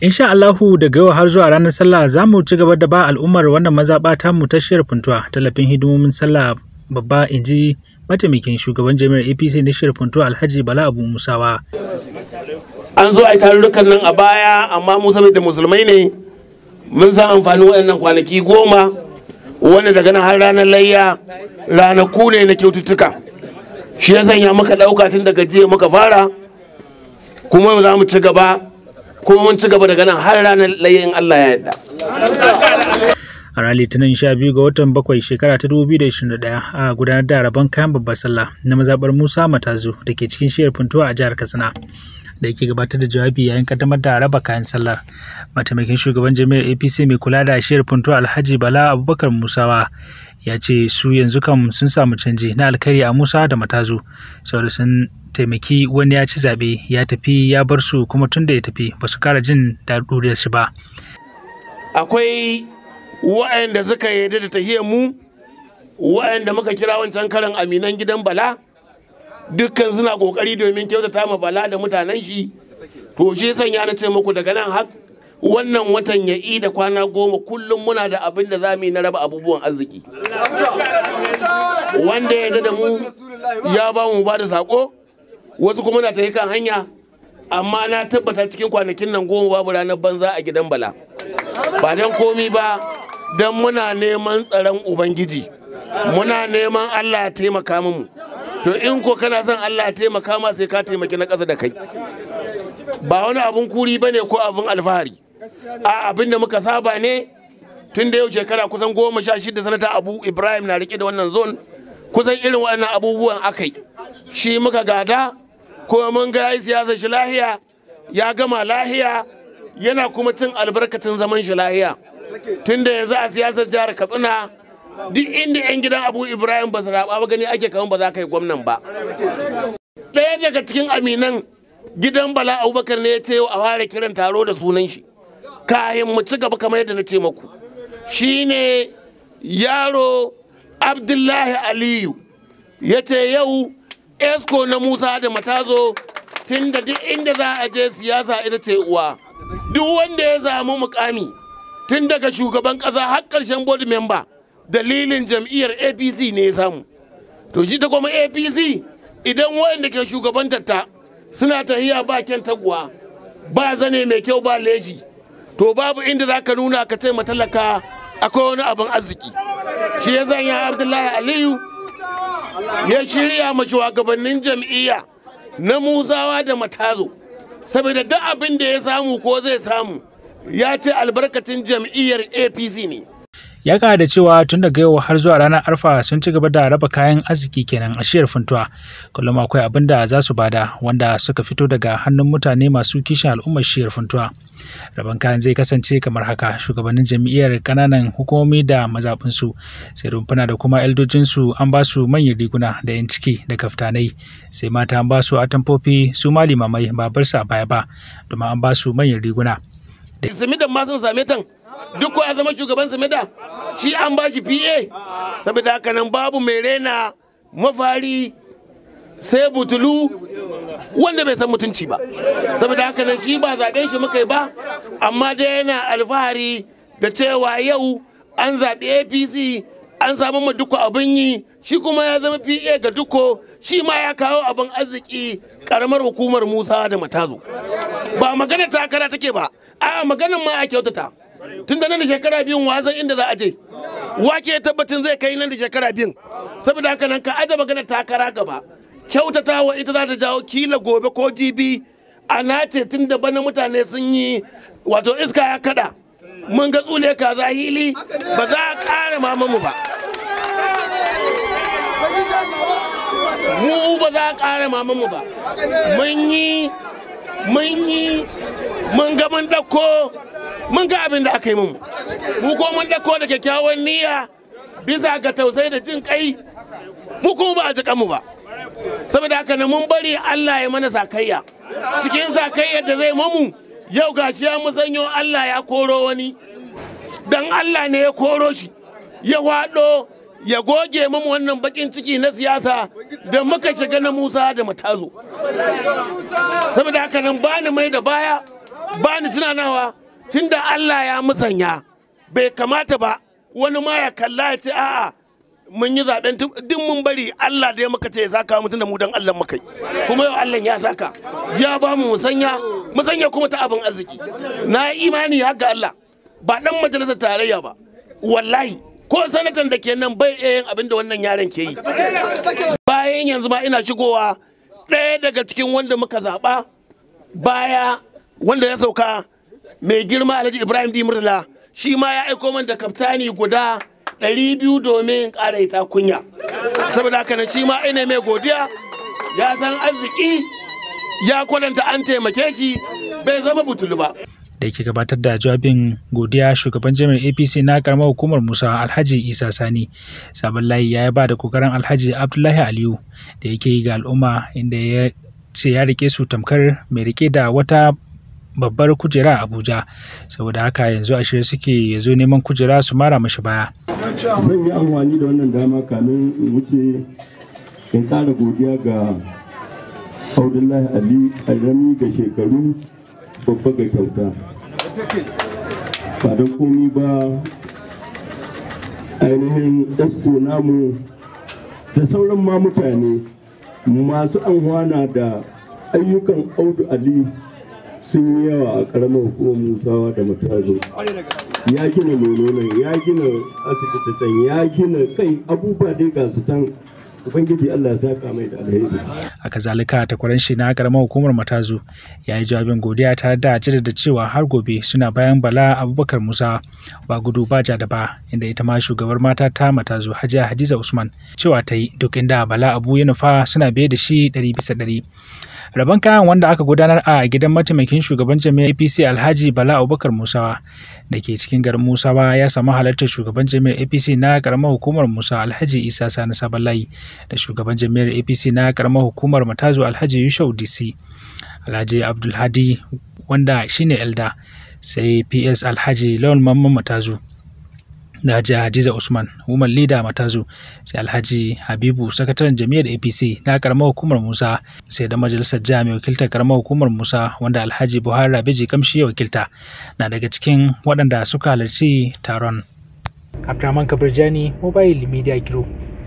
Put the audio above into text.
insha Allahu daga yau har zuwa ranar sallah za mu ci gaba da ba al'ummar wannan mazaɓa ta mu ta shirya funtuwa talafin hidimomin sallah babba in ji mataimakin shugaban jami'ar apc na shirya funtuwa alhaji bala abu musawa an zo a yi tarurrukan nan a baya amma musulun da musulmai ne mun san amfani waɗannan kwanaki goma wanda daga nan har ranar layya ranaku ne na kyaututtuka shi ya sanya muka ɗauka tun daga jiya muka fara kuma za mu ci gaba kuma mun ci gaba da nan har ranar layin Allah ya yarda a ranar litinin sha biyu ga watan bakwai shekara ta dubu biyu da ishirin da ɗaya a gudanar da rabon kayan babbar sallah na mazaɓar musa matazu da ke cikin shiyar funtuwa a jihar katsina da ke gabatar da jawabi yayin kaddamar da raba kayan sallar mataimakin shugaban jami'ar apc mai kula da shiyar funtuwa alhaji bala abubakar musawa ya ce su yanzu kam sun samu canji na alkari a musa da matazu saboda sun taimaki wani ya ci zaɓe ya tafi ya bar su kuma tun da ya tafi ba su kara jin daɗuriyar shi ba. Akwai wa'anda suka yarda da tahiyar mu wa'anda muka kira wancan karan aminan gidan bala dukkan suna kokari domin kyautata ma bala da mutanen shi to shi sanya na taimako daga nan har wannan watan ya yi da kwana goma kullum muna da abin da za mu yi na raba abubuwan arziki wanda ya da mu ya ba mu ba da sako wasu kuma na tafi kan hanya amma na tabbata cikin kwanakin nan goma babu ranar banza a gidan bala ba don komi ba don muna neman tsaron ubangiji muna neman allah ya taimaka mu to in ko kana son allah ya taimaka ma sai ka taimaki na ƙasa da kai ba wani abun kuri ba ne ko abun alfahari a abin da muka saba ne tun da yau shekara kusan goma sha shida sanata abu ibrahim na rike da wannan zon kusan irin waɗannan abubuwan akai shi muka gada kuma mun ga ya siyasa shi lahiya ya gama lahiya yana kuma cin albarkacin zaman shi lahiya tunda yanzu a siyasar jihar katsina duk inda 'yan gidan abu ibrahim ba su ba gani ake kaman ba za ka yi gwamnan ba ɗaya daga cikin aminan gidan bala abubakar ne ya ce a fara kiran taro da sunan shi kayan mu ci gaba kamar yadda na ce maku shine yaro abdullahi aliyu ya ce yau esko na musa da matazo tun da duk inda za a je siyasa ita ce uwa duk wanda ya samu mukami tun daga shugaban kasa har karshen board member dalilin jam'iyyar apc ne ya samu to shi ta kuma apc idan wayanda ke shugabantar ta suna tahiya ba kyan taguwa ba zane mai kyau ba leji to babu inda za ka nuna ka taimaka talaka akwai wani abin arziki shi ya zanya abdullahi aliyu ya shirya ma shugabannin jam'iyya na muzawa da matazo saboda duk abin da ya samu ko zai samu ya ce albarkacin jam'iyyar apc ne ya da cewa tun daga yau har zuwa ranar arfa sun ci gaba da raba kayan arziki kenan a shiyar funtuwa kullum akwai abin da za su bada wanda suka fito daga hannun mutane masu kishin al'ummar shiyar funtuwa raban kayan zai kasance kamar haka shugabannin jam'iyyar kananan hukumomi da mazaɓinsu sai rumfuna da kuma eldojinsu an ba su manyan riguna da yan ciki da kaftanai sai mata an ba su atamfofi su ma limamai babarsa baya ba domin an ba su manyan riguna. Zumi da ma tan duk ko ya zama shugaban shi an ba shi pa saboda haka nan babu mai rena mafari sai butulu wanda bai san mutunci ba saboda haka nan shi ba zaɓen shi muka yi ba amma dai yana alfahari da cewa yau an zaɓi apc an samu ma duka abin yi shi kuma ya zama pa ga duko shi ma ya kawo abin arziki karamar hukumar musa da matazo ba magana takara take ba a maganar ma a kyautata tun da nan da shekara biyun wazan inda za a je wake tabbacin zai kai nan da shekara biyun saboda haka nan ka aje magana takara gaba kyautata wa ita za ta jawo kila gobe ko jibi a nace tun da bana mutane sun yi wato iska ya kada mun ga tsule ka za hili ba za a ƙara mu ba mu ba za a mu ba mun yi mun yi mun ga mun dauko. mun ga abin da aka yi mun mu ko mun ɗauko da kyakkyawan niyya bisa ga tausayi da jin kai mu kuma ba a ji kanmu ba saboda haka ne mun bari Allah ya mana sakayya cikin sakayya da zai mamu yau gashi ya musanyo Allah ya koro wani dan Allah ne ya koro shi ya wado ya goge mamu wannan bakin ciki na siyasa da muka shiga na Musa da matazo saboda haka nan bani mai da baya bani tunanawa tunda Allah ya musanya bai kamata ba wani ma ya kalla ya ce a'a mun yi zaben duk mun bari Allah da ya muka ce ya saka mu da mu dan Allah muka yi kuma yau Allah ya saka ya ba mu musanya musanya kuma ta abin arziki na yi imani haka Allah ba dan majalisar tarayya ba wallahi ko sanatan da ke nan bai yin abin da wannan yaron ke yi bayan yanzu ma ina shigowa ɗaya daga cikin wanda muka zaɓa baya wanda ya sauka mai girma alhaji ibrahim di murtala shi ma ya aiko man da kaftani guda 200 biyu domin ƙara ita kunya saboda haka shi ma ina mai godiya ya san arziki ya kwalanta an taimake shi bai zama butulu ba da yake gabatar da jawabin godiya shugaban jami'ar apc na karamar hukumar musa alhaji isa sani sabon layi ya ba da kokarin alhaji abdullahi aliyu da yake yi ga al'umma inda ya ce ya rike su tamkar mai rike da wata babbar kujera a Abuja saboda haka yanzu a shirye suke yazo neman kujera su mara mashi baya. Zan yi amfani da wannan dama kamin in wuce in ƙara godiya ga Abdullahi Ali Alrami ga shekaru babba ga kyauta. Ba da komi ba ainihin esko namu da sauran ma mutane masu na da ayyukan Audu Ali sun yi yawa a karamar hukumar musawa da matazo ya gina nono ya gina asibiti can ya gina kai abubuwa dai ga tan ubangiji Allah a kazalika takwaran shi na karamar hukumar matazu ya yi jawabin godiya ta da da cewa har gobe suna bayan bala abubakar musa ba gudu ba ja da ba inda ita ma shugabar mata ta matazu hajiya hadiza usman cewa ta yi duk inda bala abu ya nufa suna biye da shi ɗari bisa ɗari rabon kayan wanda aka gudanar a gidan mataimakin shugaban jami'ar apc alhaji bala abubakar musawa da ke cikin garin musawa ya samu halartar shugaban jami'ar apc na karamar hukumar musa alhaji isa sani sabalayi da shugaban jami'ar apc na karamar hukumar matazu alhaji yushau dc alhaji abdulhadi wanda shine elda sai ps alhaji lawan mamman matazu da Hajji Hadiza Usman, woman Leader Matazu, sai Alhaji Habibu, sakataren jami'ar APC na karamar hukumar Musa, sai da majalisar jami'a mai karamar hukumar Musa wanda Alhaji Buhari Rabeji Kamshi ya wakilta, na daga cikin waɗanda suka halarci taron. abdulrahman Kabirjani, Mobile Media Group.